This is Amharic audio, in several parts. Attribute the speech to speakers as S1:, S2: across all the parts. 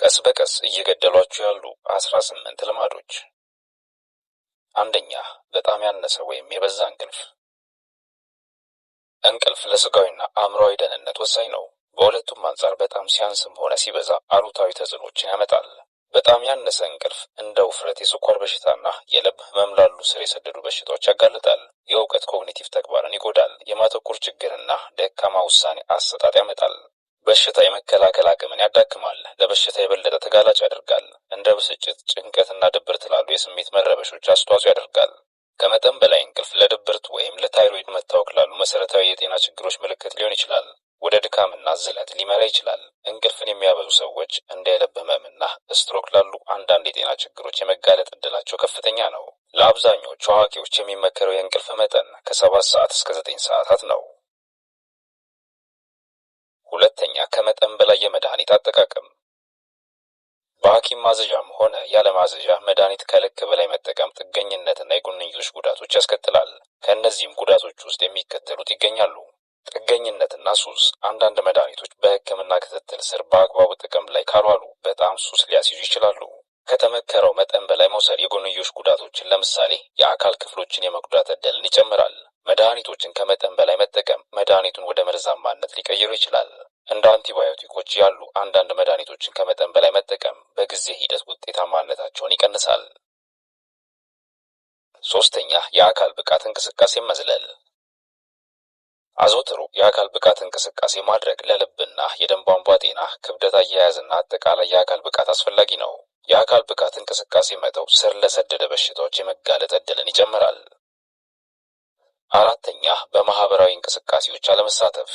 S1: ቀስ በቀስ እየገደሏችሁ ያሉ አስራ ስምንት ልማዶች። አንደኛ በጣም ያነሰ ወይም የበዛ እንቅልፍ። እንቅልፍ ለስጋዊና አእምሮዊ ደህንነት ወሳኝ ነው። በሁለቱም አንጻር በጣም ሲያንስም ሆነ ሲበዛ አሉታዊ ተጽዕኖችን ያመጣል። በጣም ያነሰ እንቅልፍ እንደ ውፍረት፣ የስኳር በሽታና የልብ ህመም ላሉ ስር የሰደዱ በሽታዎች ያጋልጣል። የእውቀት ኮግኒቲቭ ተግባርን ይጎዳል። የማተኩር ችግርና ደካማ ውሳኔ አሰጣጥ ያመጣል። በሽታ የመከላከል አቅምን ያዳክማል፣ ለበሽታ የበለጠ ተጋላጭ ያደርጋል። እንደ ብስጭት፣ ጭንቀትና ድብርት ላሉ የስሜት መረበሾች አስተዋጽኦ ያደርጋል። ከመጠን በላይ እንቅልፍ ለድብርት ወይም ለታይሮይድ መታወክ ላሉ መሰረታዊ የጤና ችግሮች ምልክት ሊሆን ይችላል። ወደ ድካምና ዝለት ሊመራ ይችላል። እንቅልፍን የሚያበዙ ሰዎች እንደ የልብ ህመምና ስትሮክ ላሉ አንዳንድ የጤና ችግሮች የመጋለጥ እድላቸው ከፍተኛ ነው። ለአብዛኞቹ አዋቂዎች የሚመከረው የእንቅልፍ መጠን ከሰባት ሰዓት እስከ ዘጠኝ ሰዓታት ነው። ከመጠን በላይ የመድኃኒት አጠቃቀም በሐኪም ማዘዣም ሆነ ያለ ማዘዣ መድኃኒት ከልክ በላይ መጠቀም ጥገኝነትና የጎንዮሽ ጉዳቶች ያስከትላል። ከእነዚህም ጉዳቶች ውስጥ የሚከተሉት ይገኛሉ። ጥገኝነትና ሱስ። አንዳንድ መድኃኒቶች በሕክምና ክትትል ስር በአግባቡ ጥቅም ላይ ካልዋሉ በጣም ሱስ ሊያስይዙ ይችላሉ። ከተመከረው መጠን በላይ መውሰድ የጎንዮሽ ጉዳቶችን ለምሳሌ የአካል ክፍሎችን የመጉዳት እደልን ይጨምራል። መድኃኒቶችን ከመጠን በላይ መጠቀም መድኃኒቱን ወደ መርዛማነት ሊቀይሩ ይችላል። እንደ አንቲባዮቲኮች ያሉ አንዳንድ መድኃኒቶችን ከመጠን በላይ መጠቀም በጊዜ ሂደት ውጤታማነታቸውን ይቀንሳል። ሶስተኛ የአካል ብቃት እንቅስቃሴ መዝለል። አዘውትሮ የአካል ብቃት እንቅስቃሴ ማድረግ ለልብና የደም ቧንቧ ጤና፣ ክብደት አያያዝና አጠቃላይ የአካል ብቃት አስፈላጊ ነው። የአካል ብቃት እንቅስቃሴ መተው ስር ለሰደደ በሽታዎች የመጋለጥ እድልን ይጨምራል። አራተኛ በማህበራዊ እንቅስቃሴዎች አለመሳተፍ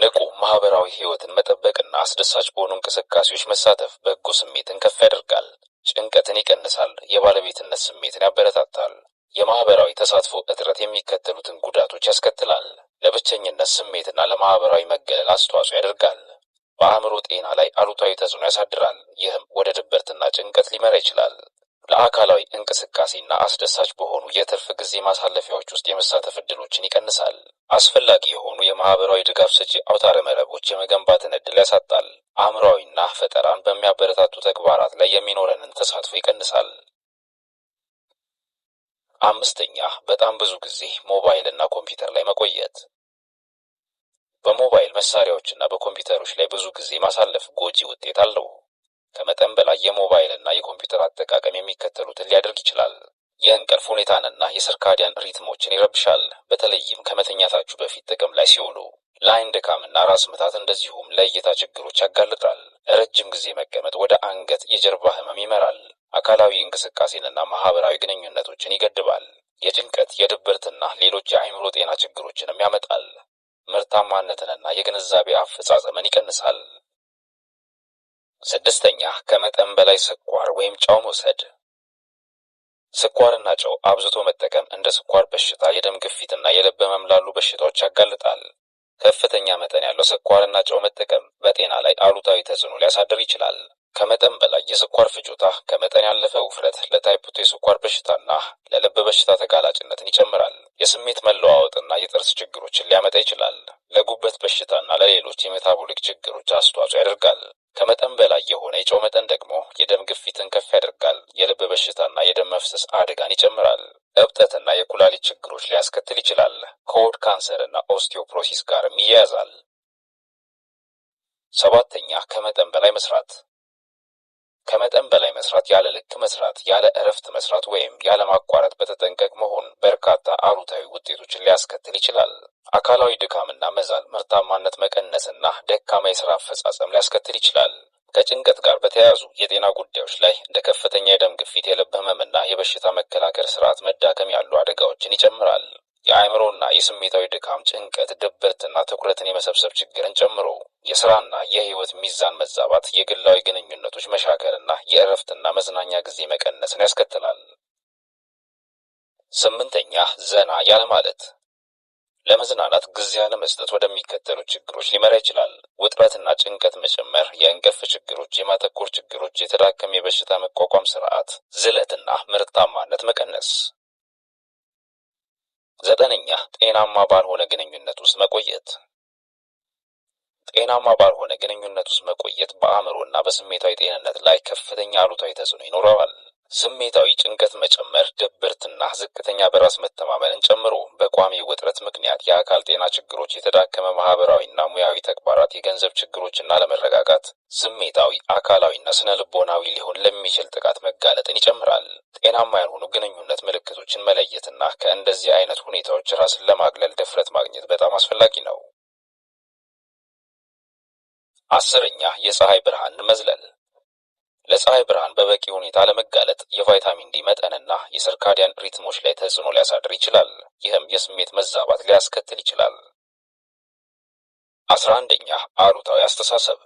S1: ንቁ ማህበራዊ ህይወትን መጠበቅና አስደሳች በሆኑ እንቅስቃሴዎች መሳተፍ በጎ ስሜትን ከፍ ያደርጋል፣ ጭንቀትን ይቀንሳል፣ የባለቤትነት ስሜትን ያበረታታል። የማህበራዊ ተሳትፎ እጥረት የሚከተሉትን ጉዳቶች ያስከትላል። ለብቸኝነት ስሜትና ለማህበራዊ መገለል አስተዋጽኦ ያደርጋል። በአእምሮ ጤና ላይ አሉታዊ ተጽዕኖ ያሳድራል። ይህም ወደ ድብርትና ጭንቀት ሊመራ ይችላል። ለአካላዊ እንቅስቃሴና አስደሳች በሆኑ የትርፍ ጊዜ ማሳለፊያዎች ውስጥ የመሳተፍ እድሎችን ይቀንሳል። አስፈላጊ የሆኑ የማህበራዊ ድጋፍ ሰጪ አውታረ መረቦች የመገንባትን እድል ያሳጣል። አእምሯዊና ፈጠራን በሚያበረታቱ ተግባራት ላይ የሚኖረንን ተሳትፎ ይቀንሳል። አምስተኛ በጣም ብዙ ጊዜ ሞባይል እና ኮምፒውተር ላይ መቆየት በሞባይል መሳሪያዎችና በኮምፒውተሮች ላይ ብዙ ጊዜ ማሳለፍ ጎጂ ውጤት አለው። ከመጠን በላይ የሞባይል እና የኮምፒውተር አጠቃቀም የሚከተሉትን ሊያደርግ ይችላል። የእንቅልፍ ሁኔታንና የስርካዲያን ሪትሞችን ይረብሻል። በተለይም ከመተኛታችሁ በፊት ጥቅም ላይ ሲውሉ ለአይን ድካምና ራስ ምታት እንደዚሁም ለእይታ ችግሮች ያጋልጣል። ረጅም ጊዜ መቀመጥ ወደ አንገት፣ የጀርባ ህመም ይመራል። አካላዊ እንቅስቃሴንና ማህበራዊ ግንኙነቶችን ይገድባል። የጭንቀት የድብርትና ሌሎች የአይምሮ ጤና ችግሮችንም ያመጣል። ምርታማነትንና የግንዛቤ አፈጻጸምን ይቀንሳል። ስድስተኛ ከመጠን በላይ ስኳር ወይም ጨው መውሰድ። ስኳርና ጨው አብዝቶ መጠቀም እንደ ስኳር በሽታ፣ የደም ግፊትና የልብ ህመም ላሉ በሽታዎች ያጋልጣል። ከፍተኛ መጠን ያለው ስኳርና ጨው መጠቀም በጤና ላይ አሉታዊ ተጽዕኖ ሊያሳድር ይችላል። ከመጠን በላይ የስኳር ፍጆታ ከመጠን ያለፈ ውፍረት ለታይፕ ቱ የስኳር በሽታና ለልብ በሽታ ተጋላጭነትን ይጨምራል። የስሜት መለዋወጥና የጥርስ ችግሮችን ሊያመጣ ይችላል። ለጉበት በሽታና ለሌሎች የሜታቦሊክ ችግሮች አስተዋጽኦ ያደርጋል። ከመጠን በላይ የሆነ የጨው መጠን ደግሞ የደም ግፊትን ከፍ ያደርጋል። የልብ በሽታና የደም መፍሰስ አደጋን ይጨምራል። እብጠትና የኩላሊት ችግሮች ሊያስከትል ይችላል። ከሆድ ካንሰርና ኦስቲዮፕሮሲስ ጋርም ይያያዛል። ሰባተኛ ከመጠን በላይ መስራት። ከመጠን በላይ መስራት ያለ ልክ መስራት፣ ያለ እረፍት መስራት ወይም ያለ ማቋረጥ በተጠንቀቅ መሆን በርካታ አሉታዊ ውጤቶችን ሊያስከትል ይችላል። አካላዊ ድካምና መዛል፣ ምርታማነት መቀነስና ደካማ የስራ አፈጻጸም ሊያስከትል ይችላል። ከጭንቀት ጋር በተያያዙ የጤና ጉዳዮች ላይ እንደ ከፍተኛ የደም ግፊት፣ የልብ ህመምና የበሽታ መከላከል ስርዓት መዳከም ያሉ አደጋዎችን ይጨምራል። የአእምሮና የስሜታዊ ድካም፣ ጭንቀት፣ ድብርትና ትኩረትን የመሰብሰብ ችግርን ጨምሮ የስራና የህይወት ሚዛን መዛባት፣ የግላዊ ግንኙነቶች መሻከርና የእረፍትና መዝናኛ ጊዜ መቀነስን ያስከትላል። ስምንተኛ ዘና ያለ ማለት ለመዝናናት ጊዜ አለመስጠት ወደሚከተሉ ችግሮች ሊመራ ይችላል። ውጥረትና ጭንቀት መጨመር፣ የእንቅልፍ ችግሮች፣ የማተኮር ችግሮች፣ የተዳከመ የበሽታ መቋቋም ስርዓት፣ ዝለትና ምርታማነት መቀነስ። ዘጠነኛ ጤናማ ባልሆነ ግንኙነት ውስጥ መቆየት። ጤናማ ባልሆነ ግንኙነት ውስጥ መቆየት በአእምሮና በስሜታዊ ጤንነት ላይ ከፍተኛ አሉታዊ ተጽዕኖ ይኖረዋል። ስሜታዊ ጭንቀት መጨመር፣ ድብርትና ዝቅተኛ በራስ መተማመንን ጨምሮ በቋሚ ውጥረት ምክንያት የአካል ጤና ችግሮች፣ የተዳከመ ማህበራዊና ሙያዊ ተግባራት፣ የገንዘብ ችግሮችና ለመረጋጋት ስሜታዊ፣ አካላዊና ስነ ልቦናዊ ሊሆን ለሚችል ጥቃት መጋለጥን ይጨምራል። ጤናማ ያልሆኑ ግንኙነት ምልክቶችን መለየትና ከእንደዚህ አይነት ሁኔታዎች ራስን ለማግለል ድፍረት ማግኘት በጣም አስፈላጊ ነው። አስረኛ የፀሐይ ብርሃን መዝለል ለፀሐይ ብርሃን በበቂ ሁኔታ ለመጋለጥ የቫይታሚን ዲ መጠንና የሰርካዲያን ሪትሞች ላይ ተጽዕኖ ሊያሳድር ይችላል። ይህም የስሜት መዛባት ሊያስከትል ይችላል። አስራ አንደኛ አሉታዊ አስተሳሰብ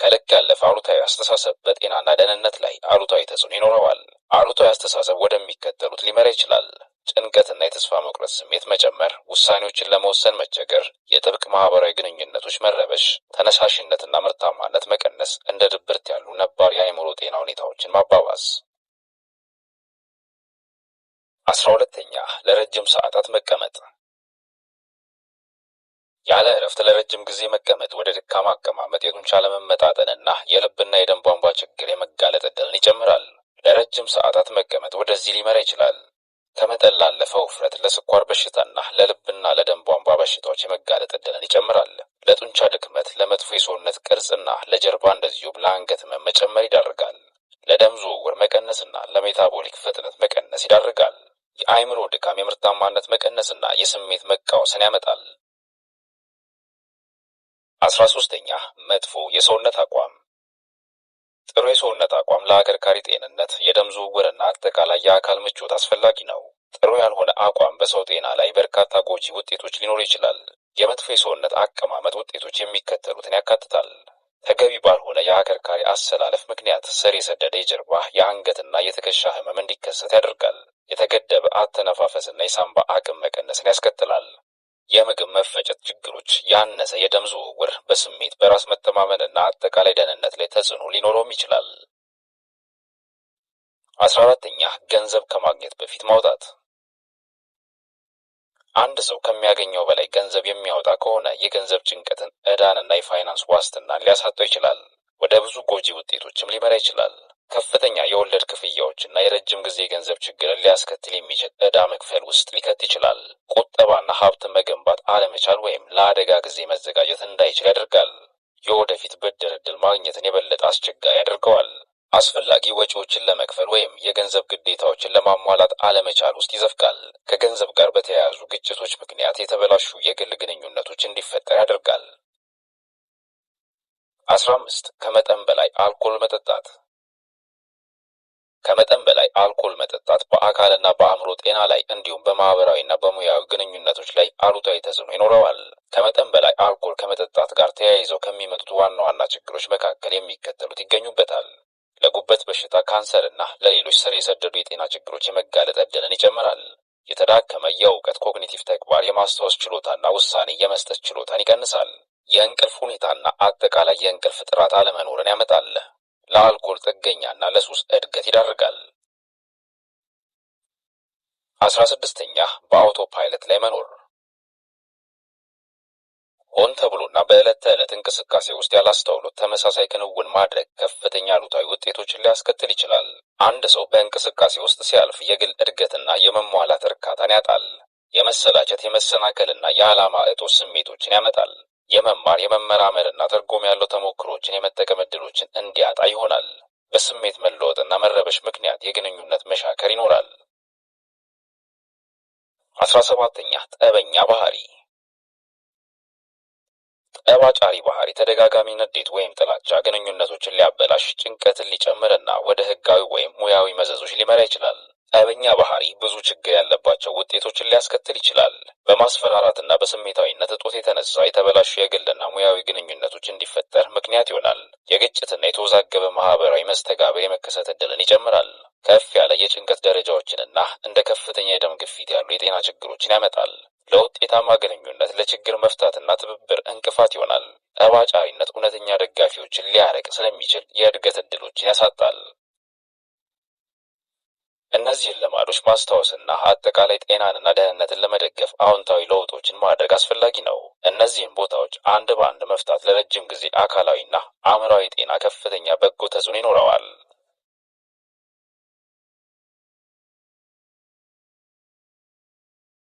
S1: ከልክ ያለፈ አሉታዊ አስተሳሰብ በጤናና ደህንነት ላይ አሉታዊ ተጽዕኖ ይኖረዋል። አሉታዊ አስተሳሰብ ወደሚከተሉት ሊመራ ይችላል። ጭንቀትና የተስፋ መቁረጥ ስሜት መጨመር፣ ውሳኔዎችን ለመወሰን መቸገር፣ የጥብቅ ማህበራዊ ግንኙነቶች መረበሽ፣ ተነሳሽነትና ምርታማነት መቀነስ እንደ ድብርት ያሉ ነባር የአእምሮ ጤና ሁኔታዎችን ማባባስ። አስራ ሁለተኛ ለረጅም ሰዓታት መቀመጥ። ያለ እረፍት ለረጅም ጊዜ መቀመጥ ወደ ድካማ አቀማመጥ፣ የጡንቻ ለመመጣጠንና የልብና የደም ቧንቧ ችግር የመጋለጥ እድልን ይጨምራል። ለረጅም ሰዓታት መቀመጥ ወደዚህ ሊመራ ይችላል። ከመጠን ላለፈ ውፍረት፣ ለስኳር በሽታና ለልብና ለደም ቧንቧ በሽታዎች የመጋለጥ እድልን ይጨምራል። ለጡንቻ ድክመት፣ ለመጥፎ የሰውነት ቅርጽና ለጀርባ እንደዚሁም ለአንገት መመጨመር መጨመር ይዳርጋል። ለደም ዝውውር መቀነስና ለሜታቦሊክ ፍጥነት መቀነስ ይዳርጋል። የአእምሮ ድካም፣ የምርታማነት መቀነስና የስሜት መቃወስን ያመጣል። አስራ ሶስተኛ መጥፎ የሰውነት አቋም ጥሩ የሰውነት አቋም ለአከርካሪ ጤንነት፣ የደም ዝውውርና አጠቃላይ የአካል ምቾት አስፈላጊ ነው። ጥሩ ያልሆነ አቋም በሰው ጤና ላይ በርካታ ጎጂ ውጤቶች ሊኖር ይችላል። የመጥፎ የሰውነት አቀማመጥ ውጤቶች የሚከተሉትን ያካትታል። ተገቢ ባልሆነ የአከርካሪ አሰላለፍ ምክንያት ስር የሰደደ የጀርባ የአንገትና የትከሻ ህመም እንዲከሰት ያደርጋል። የተገደበ አተነፋፈስና የሳንባ አቅም መቀነስን ያስከትላል። የምግብ መፈጨት ችግሮች፣ ያነሰ የደም ዝውውር በስሜት በራስ መተማመንና አጠቃላይ ደህንነት ላይ ተጽዕኖ ሊኖረውም ይችላል። አስራ አራተኛ ገንዘብ ከማግኘት በፊት ማውጣት። አንድ ሰው ከሚያገኘው በላይ ገንዘብ የሚያወጣ ከሆነ የገንዘብ ጭንቀትን፣ ዕዳንና የፋይናንስ ዋስትናን ሊያሳጣው ይችላል። ወደ ብዙ ጎጂ ውጤቶችም ሊመራ ይችላል። ከፍተኛ የወለድ ክፍያዎች እና የረጅም ጊዜ ገንዘብ ችግርን ሊያስከትል የሚችል ዕዳ መክፈል ውስጥ ሊከት ይችላል። ቁጠባና ሀብት መገንባት አለመቻል ወይም ለአደጋ ጊዜ መዘጋጀት እንዳይችል ያደርጋል። የወደፊት ብድር ዕድል ማግኘትን የበለጠ አስቸጋሪ ያደርገዋል። አስፈላጊ ወጪዎችን ለመክፈል ወይም የገንዘብ ግዴታዎችን ለማሟላት አለመቻል ውስጥ ይዘፍቃል። ከገንዘብ ጋር በተያያዙ ግጭቶች ምክንያት የተበላሹ የግል ግንኙነቶች እንዲፈጠር ያደርጋል። አስራ አምስት ከመጠን በላይ አልኮል መጠጣት ከመጠን በላይ አልኮል መጠጣት በአካልና በአእምሮ ጤና ላይ እንዲሁም በማህበራዊና በሙያዊ ግንኙነቶች ላይ አሉታዊ ተጽዕኖ ይኖረዋል። ከመጠን በላይ አልኮል ከመጠጣት ጋር ተያይዘው ከሚመጡት ዋና ዋና ችግሮች መካከል የሚከተሉት ይገኙበታል። ለጉበት በሽታ፣ ካንሰር እና ለሌሎች ስር የሰደዱ የጤና ችግሮች የመጋለጥ እድልን ይጨምራል። የተዳከመ የእውቀት ኮግኒቲቭ ተግባር የማስታወስ ችሎታና ውሳኔ የመስጠት ችሎታን ይቀንሳል። የእንቅልፍ ሁኔታና አጠቃላይ የእንቅልፍ ጥራት አለመኖርን ያመጣል። ለአልኮል ጥገኛና ለሱስ እድገት ይዳርጋል። አስራ ስድስተኛ በአውቶ ፓይለት ላይ መኖር ሆን ተብሎና በዕለት ተዕለት እንቅስቃሴ ውስጥ ያላስተውሉት ተመሳሳይ ክንውን ማድረግ ከፍተኛ አሉታዊ ውጤቶችን ሊያስከትል ይችላል። አንድ ሰው በእንቅስቃሴ ውስጥ ሲያልፍ የግል እድገትና የመሟላት እርካታን ያጣል። የመሰላቸት፣ የመሰናከልና የዓላማ እጦት ስሜቶችን ያመጣል። የመማር የመመራመርና ትርጉም ያለው ተሞክሮችን የመጠቀም እድሎችን እንዲያጣ ይሆናል። በስሜት መለወጥና መረበሽ ምክንያት የግንኙነት መሻከር ይኖራል። አስራ ሰባተኛ ጠበኛ ባህሪ ጠባጫሪ ባህሪ ተደጋጋሚ ንዴት ወይም ጥላቻ ግንኙነቶችን ሊያበላሽ፣ ጭንቀትን ሊጨምርና ወደ ህጋዊ ወይም ሙያዊ መዘዞች ሊመራ ይችላል። ጠበኛ ባህሪ ብዙ ችግር ያለባቸው ውጤቶችን ሊያስከትል ይችላል። በማስፈራራትና በስሜታዊነት እጦት የተነሳ የተበላሹ የግልና ሙያዊ ግንኙነቶች እንዲፈጠር ምክንያት ይሆናል። የግጭትና የተወዛገበ ማህበራዊ መስተጋብር የመከሰት እድልን ይጨምራል። ከፍ ያለ የጭንቀት ደረጃዎችንና እንደ ከፍተኛ የደም ግፊት ያሉ የጤና ችግሮችን ያመጣል። ለውጤታማ ግንኙነት ለችግር መፍታትና ትብብር እንቅፋት ይሆናል። ጠባጫሪነት እውነተኛ ደጋፊዎችን ሊያርቅ ስለሚችል የእድገት እድሎችን ያሳጣል። እነዚህን ልማዶች ማስታወስና አጠቃላይ ጤናንና ደህንነትን ለመደገፍ አዎንታዊ ለውጦችን ማድረግ አስፈላጊ ነው። እነዚህን ቦታዎች አንድ በአንድ መፍታት ለረጅም ጊዜ አካላዊና አእምራዊ ጤና ከፍተኛ በጎ ተጽዕኖ ይኖረዋል።